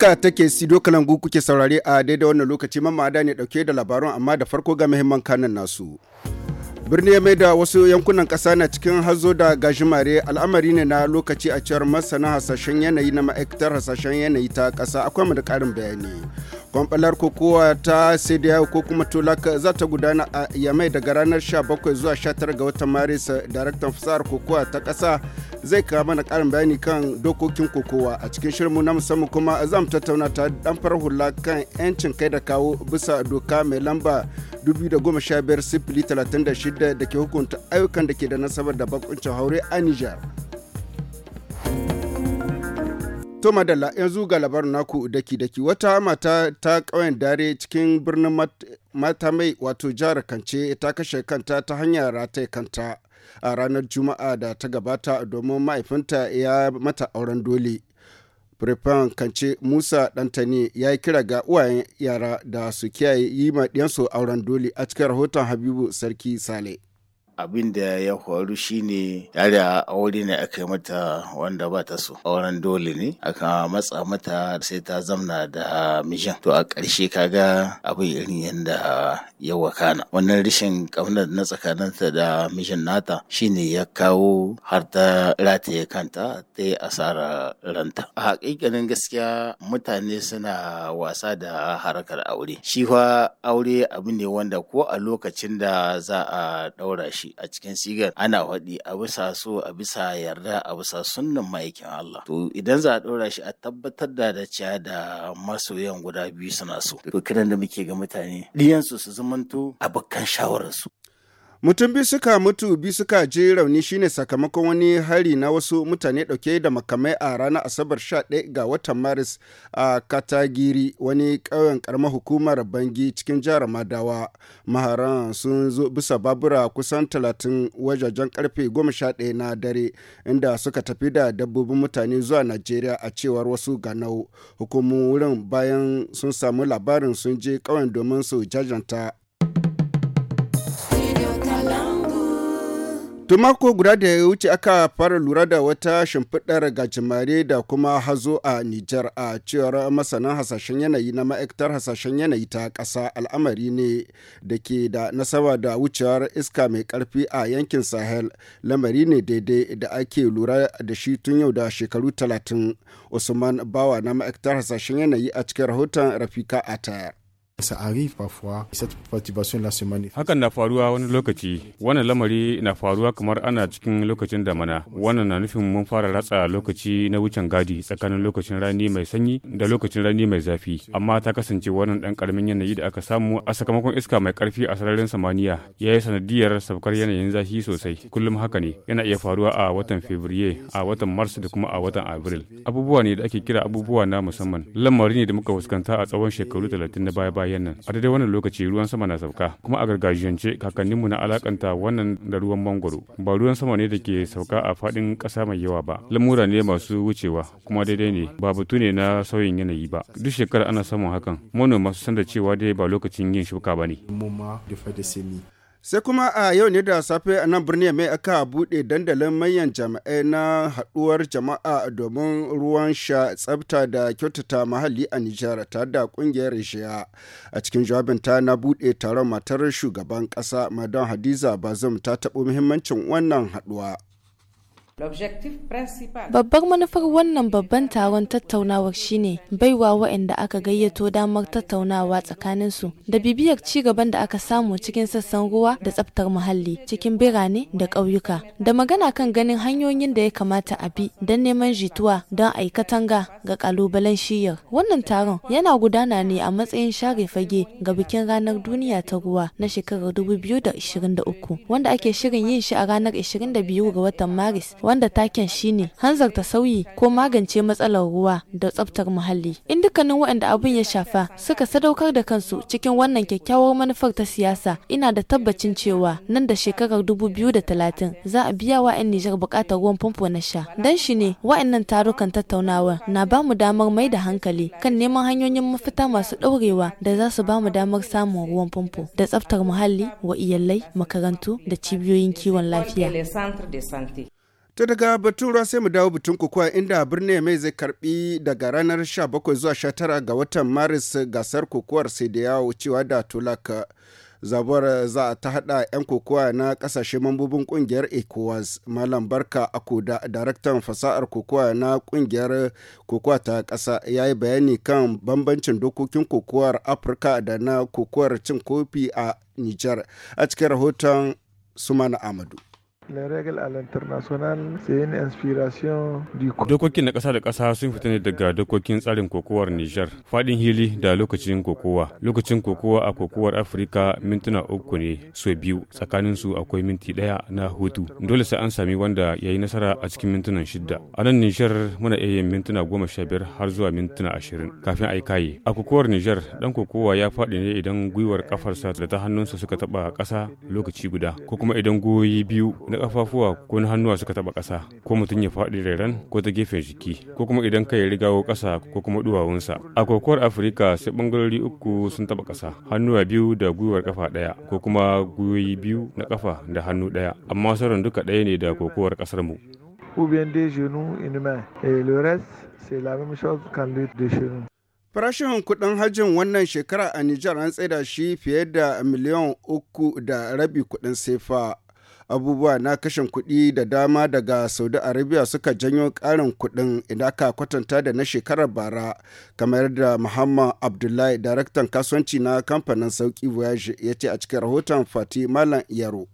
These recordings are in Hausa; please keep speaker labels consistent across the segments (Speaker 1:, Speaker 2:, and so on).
Speaker 1: Haka take Sido Kalangu kuke saurari a daidai wannan lokaci mamada ne dauke da labarun amma da farko ga muhimman kanan nasu. birni ya maida wasu yankunan kasa na cikin hazo da gajimare al'amari ne na lokaci a cewar masana hasashen yanayi na ma'aikatar hasashen yanayi ta kasa akwai mu da ƙarin bayani kwamfalar kokowa ta cdi ko kuma tolak za ta gudana a yamai daga ranar 17 zuwa 19 ga watan maris daraktan fasahar kokowa ta kasa zai kawo mana karin bayani kan dokokin kokowa a cikin shirinmu na musamman kuma za mu tattauna ta dan hula kan 'yancin kai da kawo bisa doka mai lamba 2015-36 da ke hukunta ayyukan da ke da nasabar da bakuncin haure a niger To madalla yanzu ga labarin naku daki-daki wata mata ta ƙauyen dare cikin birnin mata mai wato jihar Kance ta kashe kanta ta hanyar rataye kanta a ranar Juma'a da ta gabata domin mahaifinta ya mata auren dole. Firifan Kance Musa Dantani ya yi kira ga uwayen yara da su kiyaye yi ma auren dole a cikin rahoton Habibu Sarki Sale. abin da ya faru shine da aure ne aka yi mata wanda ba ta so auren dole ne aka matsa mata sai ta zamna da mijin to a ƙarshe kaga abin irin yadda ya wakana wannan rashin ƙaunar na tsakaninta da mijin nata shine ya kawo har ta rataye kanta ta yi asara ranta a haƙiƙanin gaskiya mutane suna wasa da harkar aure shi fa aure abu ne wanda ko a lokacin da za a ɗaura shi a cikin sigar ana faɗi a bisa so a bisa yarda a bisa sunnan ma'aikin Allah to idan za a ɗora shi a tabbatar da da ciya da masoyan guda biyu suna so to kiran da muke ga mutane ɗiyansu su zamanto abokan shawararsu mutum biyu suka mutu biyu suka je rauni shine sakamakon wani hari na wasu mutane dauke da makamai a ranar asabar 11 ga watan maris a katagiri wani ƙauyen karamar hukumar bangi cikin jihar madawa maharan sun zo bisa babura kusan 30 wajajen karfe 11 na dare inda suka tafi da dabbobin mutane zuwa najeriya a cewar wasu ganau hukumomin wurin bayan sun samu labarin sun je ƙauyen domin su jajanta tun mako guda da ya wuce aka fara lura da wata shimfiɗar gajimare da kuma hazo a Nijar a cewar masanan hasashen yanayi na ma'aikatar hasashen yanayi ta ƙasa al'amari ne da ke da nasaba da wucewar iska mai ƙarfi a yankin Sahel lamari ne daidai da ake lura da shi tun yau da shekaru talatin Usman Bawa na ma'aikatar hasashen yanayi a cikin rahoton Rafika a Atayar.
Speaker 2: Hakan na faruwa wani lokaci, wannan lamari na faruwa kamar ana cikin lokacin damana. Wannan na nufin mun fara ratsa lokaci na wucin gadi tsakanin lokacin rani mai sanyi da lokacin rani mai zafi. Amma ta kasance wannan ɗan ƙaramin yanayi da aka samu a sakamakon iska mai ƙarfi a sararin samaniya ya yi sanadiyar saukar yanayin zafi sosai. Kullum haka ne, yana iya faruwa a watan Fabriye, a watan Mars da kuma a watan Abril. Abubuwa ne da ake kira abubuwa na musamman. Lamari ne da muka fuskanta a tsawon shekaru talatin na baya-baya. bayan nan a daidai wannan lokaci ruwan sama na sauka kuma a gargajiyance kakanninmu na alakanta wannan da ruwan mangoro ba ruwan sama ne da ke sauka a faɗin ƙasa mai yawa ba lamura ne masu wucewa kuma daidai ne ba batu ne na sauyin yanayi ba duk shekara ana samun hakan manoma su san da cewa dai ba lokacin yin shuka ba ne
Speaker 1: sai kuma a yau ne da safe a nan birni mai aka buɗe dandalin manyan jami'ai na haɗuwar jama'a domin ruwan sha tsabta da kyautata mahalli a nijar ta da ƙungiyar Shiya. a cikin jawabinta na buɗe taron matar shugaban ƙasa madan hadiza bazum ta taɓo muhimmancin wannan haɗuwa
Speaker 3: Babbar manufar wannan babban taron tattaunawar shine baiwa waɗanda aka gayyato damar tattaunawa tsakanin su da bibiyar ci gaban da aka samu cikin sassan ruwa da tsaftar muhalli cikin birane da ƙauyuka da magana kan ganin hanyoyin da ya kamata a bi don neman jituwa don aikatanga ga kalubalen shiyar. Wannan taron yana gudana ne a matsayin share fage ga bikin ranar duniya ta ruwa na shekarar 2023 wanda ake shirin yin shi a ranar 22 ga watan Maris wanda taken shine hanzarta sauyi ko magance matsalar ruwa da tsabtar muhalli. In dukkanin waɗanda abin ya shafa suka sadaukar da kansu cikin wannan kyakkyawar manufar ta siyasa ina da tabbacin cewa nan da shekarar dubu biyu da talatin za a biya wa 'yan Nijar bukatar ruwan famfo na sha. Dan shi ne wa'annan tarukan tattaunawa na ba mu damar mai da hankali kan neman hanyoyin mafita masu ɗaurewa da za su ba mu damar samun ruwan famfo da tsabtar muhalli wa iyalai, makarantu da cibiyoyin kiwon lafiya.
Speaker 1: To daga batun ruwa sai mu dawo batun kukuwa inda birnin mai zai karbi daga ranar 17 zuwa 19 ga watan Maris gasar kukuwar sai da ya cewa da tulak zabuwar za ta hada 'yan kukuwa na kasashe mambobin kungiyar ecowas malam barka akuda daraktan fasa'ar kukuwa na kungiyar kukuwa ta kasa ya yi bayani kan bambancin dokokin kukuwar afirka da na kukuwar cin kofi a niger a cikin rahoton sumana amadu
Speaker 2: Dokokin na kasa da kasa sun fita ne daga dokokin tsarin kokowar Nijar. Faɗin hili da lokacin kokowa. Lokacin kokowa a kokowar Afirka mintuna uku ne so biyu tsakanin su akwai minti ɗaya na hutu. Dole sai an sami wanda yayi nasara a cikin mintunan shida A nan Nijar muna iya yin mintuna goma sha biyar har zuwa mintuna ashirin kafin a yi kaye. A kokowar Nijar dan kokowa ya faɗi ne idan gwiwar kafarsa da ta hannunsa suka taɓa ƙasa lokaci guda ko kuma idan goyi biyu na kafafuwa ko na hannuwa suka taba kasa ko mutum ya faɗi rairan ko ta gefen jiki ko kuma idan kai rigawo kasa ko kuma duwawunsa a kokowar afirka sai bangarori uku sun taba kasa hannuwa biyu da gwiwar kafa ɗaya ko kuma gwiwoyi biyu na kafa da hannu ɗaya amma sauran duka ɗaya ne da kokowar kasar mu
Speaker 1: ou bien des genoux une main. Et le reste, c'est la même chose qu'en lutte genoux. Farashin kudin hajjin wannan shekara a Nijar an tsaida shi fiye da miliyan uku da rabi kudin sefa. abubuwa na kashin kuɗi da dama daga saudi arabia suka janyo ƙarin kuɗin idan aka kwatanta da na shekarar bara kamar da muhammad abdullahi daraktan kasuwanci na kamfanin sauki voyage ya ce a cikin rahoton fati malam yaro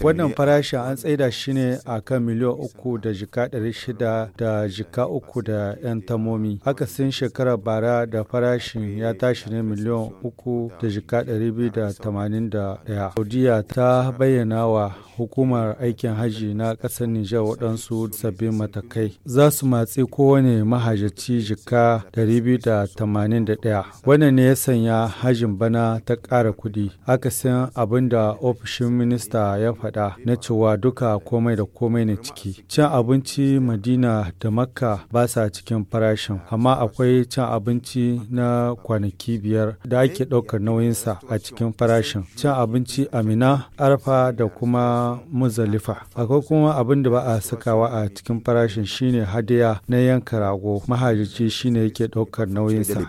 Speaker 2: Wannan farashin
Speaker 4: an tsaida shi ne a kan miliyan uku da jika ɗari shida da jika uku da 'yan tamomi. Haka sun shekara bara da farashin ya tashi ne miliyan uku da jika ɗari biyu da tamanin da ɗaya. Saudiya ta bayyana wa hukumar aikin hajji na ƙasar Nijar waɗansu sabbin matakai. Za su matsi kowane mahajjaci jika 281. Wannan ne ya sanya hajin bana ta ƙara kuɗi. san abin da ofishin minista ya faɗa na cewa duka komai da komai ne ciki. Cin abinci Madina da Makka ba sa cikin farashin, amma akwai cin abinci na kwanaki biyar da ake ɗaukar nauyinsa a cikin farashin. Cin abinci Amina, Arfa da kuma muzalifa akwai kuma abin da ba a sakawa a cikin farashin shine hadiya na yanka rago mahajjaci shine yake ɗaukar nauyinsa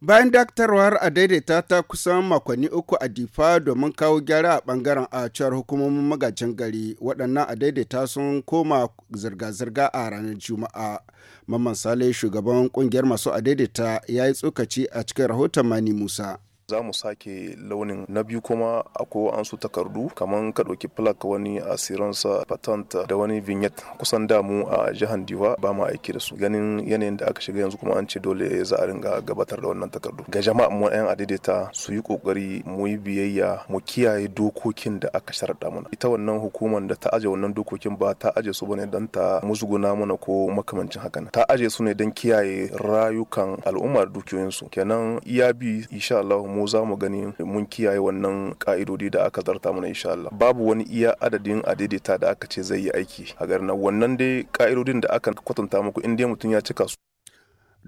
Speaker 1: bayan daktarwar a daidaita ta kusan makonni uku a difa domin kawo gyara a bangaren a cewar hukumomin magajin gari waɗannan a daidaita sun koma zirga-zirga a ranar juma'a mamman sale shugaban kungiyar masu a daidaita ya yi tsokaci a cikin rahoton mani musa za mu sake launin na biyu kuma akwai su takardu kamar ka ɗauki plak wani asiransa patent da wani vignette kusan damu a jihar diwa ba mu aiki da su ganin yanayin da aka shiga yanzu kuma an ce dole za a ringa gabatar da wannan takardu ga jama'a mu yan adaidaita su yi kokari mu yi biyayya mu kiyaye dokokin da aka sharaɗa mana ita wannan hukumar da ta aje wannan dokokin ba ta aje su bane don ta musguna mana ko makamancin haka ta aje su ne don kiyaye rayukan al'ummar dukiyoyinsu kenan iya bi insha Allah mu za mu gani mun kiyaye wannan ka'idodi da aka zarta mana insha Allah babu wani iya adadin adaidaita da aka ce zai yi aiki a garin wannan dai ka'idodin da aka kwatanta muku in dai mutum ya cika su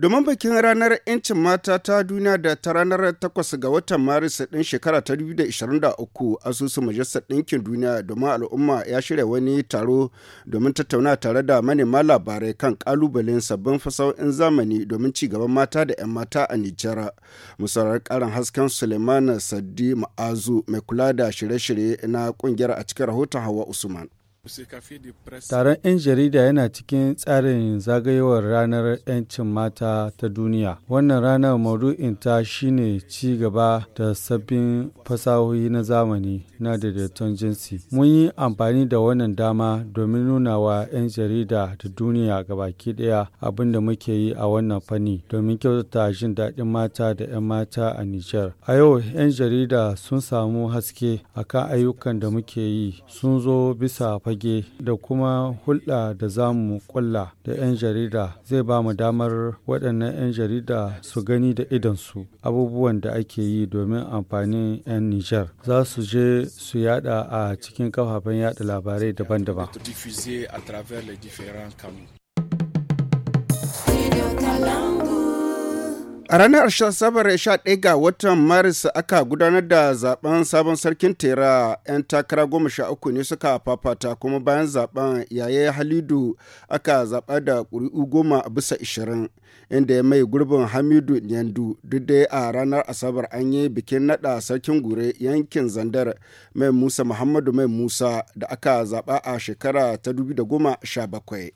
Speaker 1: Domin bikin ranar 'yancin mata ta duniya da ta ranar 8 ga watan Maris din shekara ta 2023 asusun Majalisar Ɗinkin Duniya domin al'umma ya shirya wani taro domin tattauna tare da manema labarai kan ƙalubalen sabbin fasahohin zamani domin ci gaban mata da 'yan mata a Nijar. Musarar ƙarin hasken Suleiman Saddi Ma'azu mai kula da shirye-shirye na ƙungiyar a cikin rahoton Hawa Usman.
Speaker 4: Taron 'yan jarida yana cikin tsarin zagayowar ranar 'yancin mata ta duniya. Wannan ranar ta shine ci gaba da sabbin fasahohi na zamani na daidaiton jinsi. Mun yi amfani da wannan dama domin nuna wa 'yan jarida da duniya gabaki ɗaya abin da muke yi a wannan fanni domin kyautata jin daɗin mata da 'yan mata a Nijar. A yau 'yan jarida sun samu haske akan ayyukan da muke yi sun zo bisa fage fage da kuma hulɗa da za mu kulla da 'yan jarida zai ba mu damar waɗannan 'yan jarida su gani da idansu abubuwan da ake yi domin amfanin 'yan Nijar za su je su yada a cikin kafafen yada labarai daban-daban.
Speaker 1: A ranar Asabar 11 ga watan Maris aka gudanar da zaben sabon sarkin tera 'yan takara goma sha uku ne suka fafata kuma bayan zaben yaye Halidu aka zaɓa da ƙuri'u goma bisa ishirin inda ya mai gurbin Hamidu Nyandu duk dai a ranar Asabar an yi bikin naɗa sarkin gure yankin Zandar mai Musa Muhammadu mai Musa da aka zaɓa a shekara ta 2017.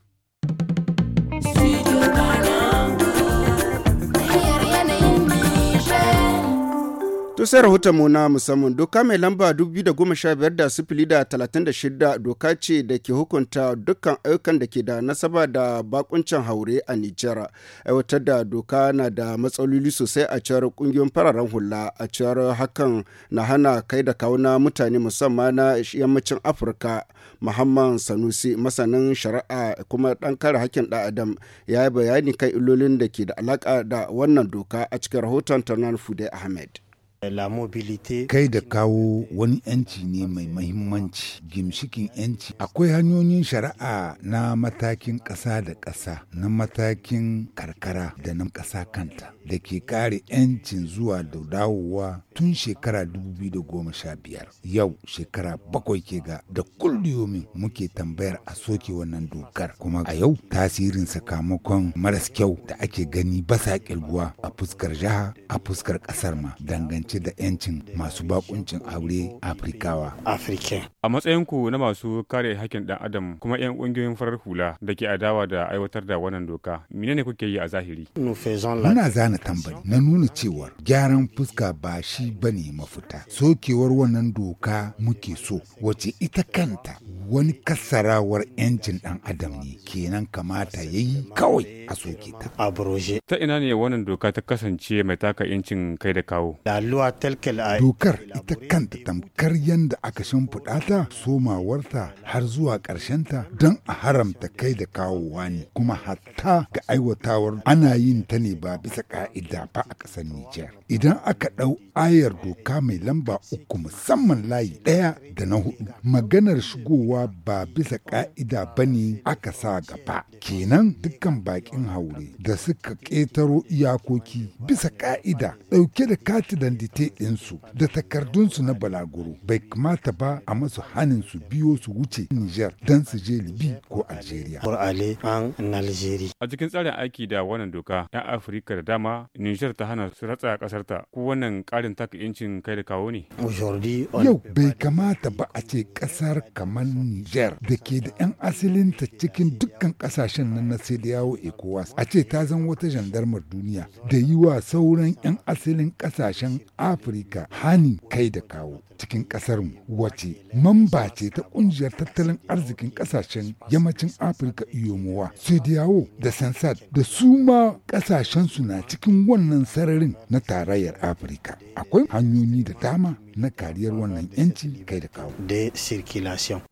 Speaker 1: To sai rahoton mu na musamman doka mai lamba 2015 da sifili da 36 doka ce da ke hukunta dukkan ayyukan da ke da nasaba da bakuncin haure a Nijar. Aiwatar da doka na da matsaloli sosai a cewar kungiyoyin fararen hula a cewar hakan na hana kai da kawuna mutane musamman na yammacin Afirka. Muhammad Sanusi masanin shari'a kuma dan kare hakkin da adam ya yi bayani kan illolin da ke da alaka da wannan doka a cikin rahoton Tarnan Fude Ahmed. Kai
Speaker 5: da kawo wani ‘yanci ne mai mahimmanci, gimshikin ‘yanci. Akwai hanyoyin shari'a na matakin ƙasa da ƙasa, na matakin karkara da na ƙasa kanta, da ke kare ‘yancin zuwa da dawowa tun shekara 2015. Yau shekara bakwai ke ga da kulliyomi muke tambayar a soke wannan dokar. Kuma a yau tasirin sakamakon maras kyau da ake gani basa kilguwa a fuskar jiha a fuskar ƙasar ma dangance ce da 'yancin masu bakuncin aure Afrikawa.
Speaker 2: A matsayinku na masu kare hakkin ɗan adam kuma 'yan ƙungiyoyin farar hula da ke adawa da aiwatar da wannan doka, mine ne kuke yi a zahiri? Muna
Speaker 5: zana tambari na nuna cewa gyaran fuska ba shi bane mafita. Sokewar wannan doka muke so wace ita kanta wani kasarawar 'yancin ɗan adam ne kenan kamata ya yi kawai a soke ta.
Speaker 2: Ta ina ne wannan doka ta kasance mai taka 'yancin kai da kawo? rayuwa telkel a
Speaker 5: dokar ita kanta tamkar yadda aka shimfiɗa ta somawarta har zuwa ta don a haramta kai da kawowa ne kuma hatta ga aiwatawar ana yin ta ne ba bisa ƙa'ida ba a ƙasar Nijar. Idan aka ɗau ayar doka mai lamba uku musamman layi ɗaya da na hudu maganar shigowa ba bisa ƙa'ida ba ne aka sa gaba kenan dukkan bakin haure da suka ƙetaro iyakoki bisa ƙa'ida ɗauke da katidan fite ɗinsu da takardunsu na balaguro bai kamata ba a masu hannun su biyo su wuce Nijar don su je Libi
Speaker 2: ko Algeria. A cikin tsarin aiki da wannan doka 'yan Afirka da dama Nijar ta hana su ratsa ƙasarta ko wannan ƙarin taka 'yancin kai da kawo ne. Yau
Speaker 5: bai kamata ba a ce ƙasar kamar Nijar da ke da 'yan asalinta cikin dukkan ƙasashen nan na sai da yawo ECOWAS a ce ta zan wata jandarmar duniya da yi wa sauran 'yan asalin ƙasashen afirka hani kai da kawo cikin ƙasarmu wace mamba ce ta ƙungiyar tattalin arzikin ƙasashen yammacin afirka iyomowa sediyawo da sansad da su ma ƙasashensu na cikin wannan sararin na tarayyar afirka akwai hanyoyi da dama na kariyar wannan yanci kai da kawo de circulation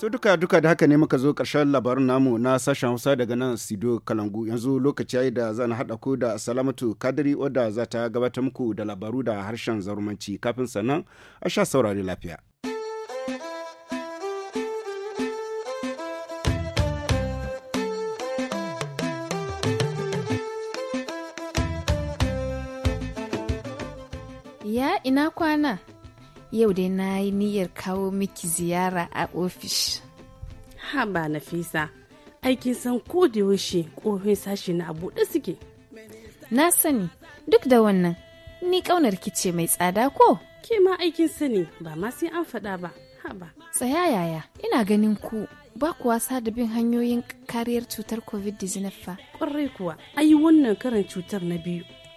Speaker 1: To duka duka da haka ne muka zo ƙarshen labarin namu na sashen Hausa daga nan Sido Kalangu yanzu lokaci da zan haɗa ko da Salamatu Kadiri wadda za ta gabatar muku da labaru da harshen zarumanci kafin sannan a sha saurari lafiya.
Speaker 3: Ya ina kwana? yau dai na yi niyyar kawo miki ziyara a ofis. Haba Nafisa, aikin san ko da yaushe ƙofin sashi na buɗe suke. Na sani, duk da wannan, ni ƙaunar ki mai tsada ko? Ke ma aikin sani ba ma sai an faɗa ba, haba. Tsaya yaya, ina ganin ku ba ku wasa da bin hanyoyin kariyar cutar COVID-19 fa. Ƙwarai kuwa, ayi wannan karin cutar na biyu.